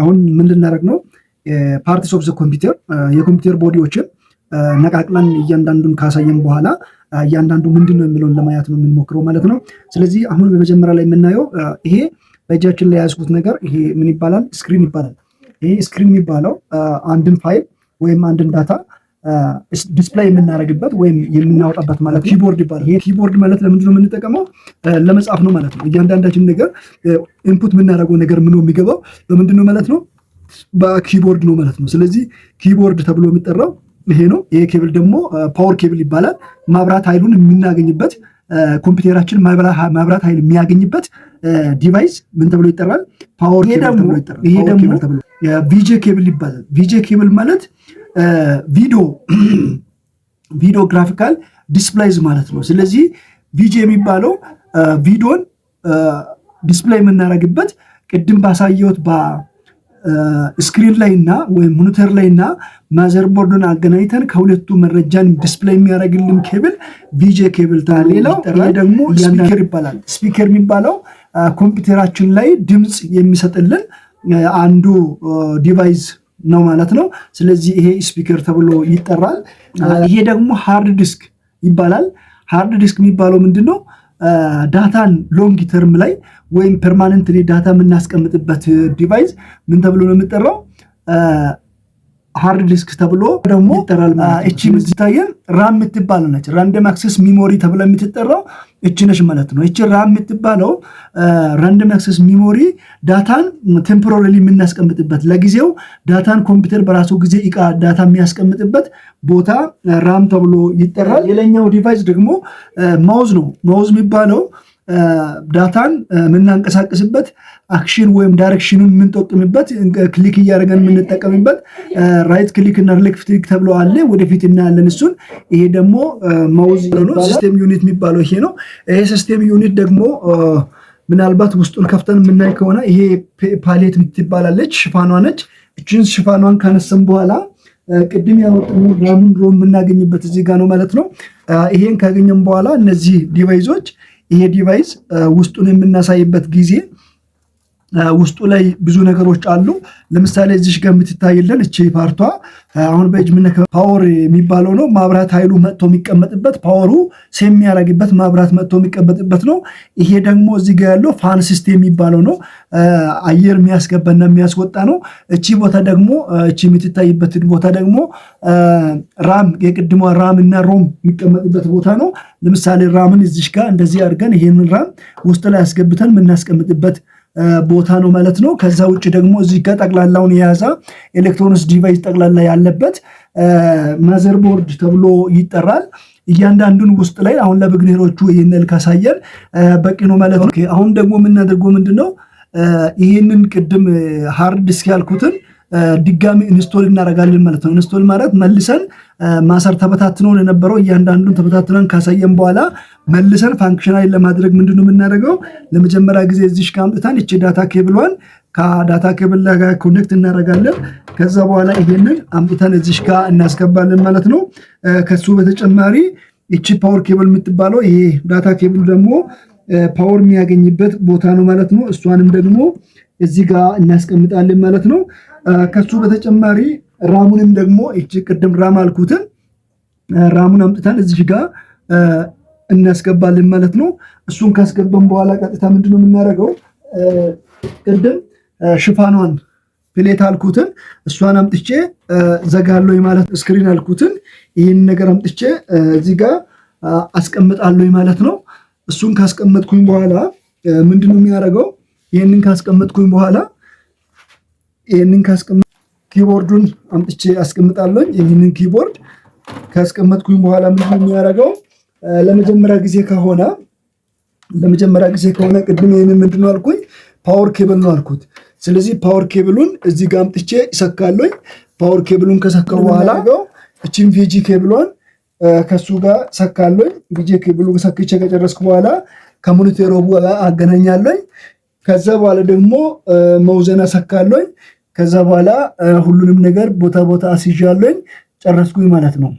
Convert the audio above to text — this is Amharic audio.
አሁን ምን ልናደርግ ነው? ፓርቲስ ኦፍ ዘ ኮምፒውተር የኮምፒውተር ቦዲዎችን ነቃቅለን እያንዳንዱን ካሳየን በኋላ እያንዳንዱ ምንድን ነው የሚለውን ለማየት ነው የምንሞክረው ማለት ነው። ስለዚህ አሁን በመጀመሪያ ላይ የምናየው ይሄ በእጃችን ላይ የያዝኩት ነገር ይሄ ምን ይባላል? ስክሪን ይባላል። ይሄ ስክሪን የሚባለው አንድን ፋይል ወይም አንድን ዳታ ዲስፕላይ የምናደርግበት ወይም የምናወጣበት ማለት ኪቦርድ ይባላል። ይሄ ኪቦርድ ማለት ለምንድነው የምንጠቀመው? ለመጻፍ ነው ማለት ነው። እያንዳንዳችን ነገር ኢንፑት የምናደርገው ነገር ምነው የሚገባው በምንድን ነው ማለት ነው? በኪቦርድ ነው ማለት ነው። ስለዚህ ኪቦርድ ተብሎ የሚጠራው ይሄ ነው። ይሄ ኬብል ደግሞ ፓወር ኬብል ይባላል። ማብራት ኃይሉን የምናገኝበት ኮምፒውተራችን ማብራት ኃይል የሚያገኝበት ዲቫይስ ምን ተብሎ ይጠራል? ፓወር ኬብል ተብሎ ይጠራል። ይሄ ደግሞ ቪጄ ኬብል ይባላል። ቪጄ ኬብል ማለት ቪዲዮ ቪዲዮ ግራፊካል ዲስፕላይዝ ማለት ነው። ስለዚህ ቪጂ የሚባለው ቪዲዮን ዲስፕላይ የምናደርግበት ቅድም ባሳየሁት ስክሪን ላይ እና ወይም ሞኒተር ላይ እና ማዘርቦርዱን አገናኝተን ከሁለቱ መረጃን ዲስፕሌይ የሚያደርግልን ኬብል ቪጂ ኬብል ታ ሌላው ደግሞ ስፒከር ይባላል። ስፒከር የሚባለው ኮምፒውተራችን ላይ ድምፅ የሚሰጥልን አንዱ ዲቫይስ ነው ማለት ነው። ስለዚህ ይሄ ስፒከር ተብሎ ይጠራል። ይሄ ደግሞ ሃርድ ዲስክ ይባላል። ሃርድ ዲስክ የሚባለው ምንድን ነው? ዳታን ሎንግ ተርም ላይ ወይም ፐርማነንት ዳታ የምናስቀምጥበት ዲቫይስ ምን ተብሎ ነው የምጠራው? ሃርድ ዲስክ ተብሎ ደግሞ እቺ የምትታየን ራም የምትባል ነች። ራንደም አክሰስ ሚሞሪ ተብሎ የምትጠራው እቺ ነች ማለት ነው። እች ራም የምትባለው ራንደም አክሰስ ሚሞሪ ዳታን ቴምፖራሪ የምናስቀምጥበት ለጊዜው ዳታን ኮምፒውተር በራሱ ጊዜ እቃ ዳታ የሚያስቀምጥበት ቦታ ራም ተብሎ ይጠራል። ሌላኛው ዲቫይስ ደግሞ ማውዝ ነው። ማውዝ የሚባለው ዳታን የምናንቀሳቀስበት አክሽን ወይም ዳይሬክሽኑን የምንጠቅምበት ክሊክ እያደረገን የምንጠቀምበት ራይት ክሊክ እና ሌፍት ክሊክ ተብሎ አለ። ወደፊት እናያለን እሱን። ይሄ ደግሞ ማውዝ ነው ሲስቴም ዩኒት የሚባለው ይሄ ነው። ይሄ ሲስቴም ዩኒት ደግሞ ምናልባት ውስጡን ከፍተን የምናይ ከሆነ ይሄ ፓሌት ትባላለች፣ ሽፋኗ ነች። እችን ሽፋኗን ካነሰም በኋላ ቅድም ያወጥነው ራሙን ሮ የምናገኝበት እዚህ ጋ ነው ማለት ነው። ይሄን ካገኘም በኋላ እነዚህ ዲቫይሶች ይሄ ዲቫይስ uh, ውስጡን የምናሳይበት ጊዜ ውስጡ ላይ ብዙ ነገሮች አሉ። ለምሳሌ እዚሽ ጋር የምትታይለን እቺ ፓርቷ አሁን በእጅ ምነ ፓወር የሚባለው ነው። ማብራት ኃይሉ መጥቶ የሚቀመጥበት ፓወሩ የሚያደርግበት ማብራት መጥቶ የሚቀመጥበት ነው። ይሄ ደግሞ እዚ ጋ ያለው ፋን ሲስቴም የሚባለው ነው። አየር የሚያስገባና የሚያስወጣ ነው። እቺ ቦታ ደግሞ እቺ የምትታይበት ቦታ ደግሞ ራም የቅድሟ ራም እና ሮም የሚቀመጥበት ቦታ ነው። ለምሳሌ ራምን እዚሽ ጋር እንደዚህ አድርገን ይሄንን ራም ውስጥ ላይ አስገብተን የምናስቀምጥበት ቦታ ነው ማለት ነው። ከዛ ውጭ ደግሞ እዚህ ጋር ጠቅላላውን የያዘ ኤሌክትሮኒክስ ዲቫይስ ጠቅላላ ያለበት ማዘርቦርድ ተብሎ ይጠራል። እያንዳንዱን ውስጥ ላይ አሁን ለብግንሄሮቹ ይህንል ካሳየን በቂ ነው ማለት ነው። አሁን ደግሞ የምናደርገው ምንድን ነው? ይህንን ቅድም ሃርድ ዲስክ ያልኩትን ድጋሚ ኢንስቶል እናደርጋለን ማለት ነው። ኢንስቶል ማለት መልሰን ማሰር ተበታትኖ ለነበረው እያንዳንዱን ተበታትነን ካሳየን በኋላ መልሰን ፋንክሽናል ለማድረግ ምንድነው የምናደርገው? ለመጀመሪያ ጊዜ እዚሽ አምጥተን ይቺ ዳታ ኬብሏን ከዳታ ኬብል ጋር ኮኔክት እናደርጋለን። ከዛ በኋላ ይሄንን አምጥተን እዚሽ ጋር እናስገባለን ማለት ነው። ከሱ በተጨማሪ ይቺ ፓወር ኬብል የምትባለው ይሄ ዳታ ኬብሉ ደግሞ ፓወር የሚያገኝበት ቦታ ነው ማለት ነው። እሷንም ደግሞ እዚህ ጋር እናስቀምጣለን ማለት ነው። ከሱ በተጨማሪ ራሙንም ደግሞ እጅ ቅድም ራም አልኩትን ራሙን አምጥተን እዚህ ጋር እናስገባልን ማለት ነው። እሱን ካስገባን በኋላ ቀጥታ ምንድነው የምናደርገው? ቅድም ሽፋኗን ፕሌት አልኩትን እሷን አምጥቼ ዘጋለኝ ማለት ስክሪን አልኩትን ይህን ነገር አምጥቼ እዚህ ጋር አስቀምጣለሁ ማለት ነው። እሱን ካስቀመጥኩኝ በኋላ ምንድነው ነው የሚያደርገው? ይህንን ካስቀመጥኩኝ በኋላ ይህንን ኪቦርዱን አምጥቼ አስቀምጣለኝ። ይህንን ኪቦርድ ካስቀመጥኩኝ በኋላ ምንድን ነው የሚያደርገው? ለመጀመሪያ ጊዜ ከሆነ ለመጀመሪያ ጊዜ ከሆነ ቅድም ይህንን ምንድን ነው አልኩኝ? ፓወር ኬብል ነው አልኩት። ስለዚህ ፓወር ኬብሉን እዚህ ጋር አምጥቼ ይሰካለኝ። ፓወር ኬብሉን ከሰካው በኋላ እችን ቪጂ ኬብሏን ከሱ ጋር ሰካለኝ። ቪጂ ኬብሉ ሰክቼ ከጨረስኩ በኋላ ከሞኒቴሮ አገናኛለኝ። ከዛ በኋላ ደግሞ መውዘና ሰካለኝ። ከዛ በኋላ ሁሉንም ነገር ቦታ ቦታ አስይዣለኝ ጨረስኩኝ ማለት ነው።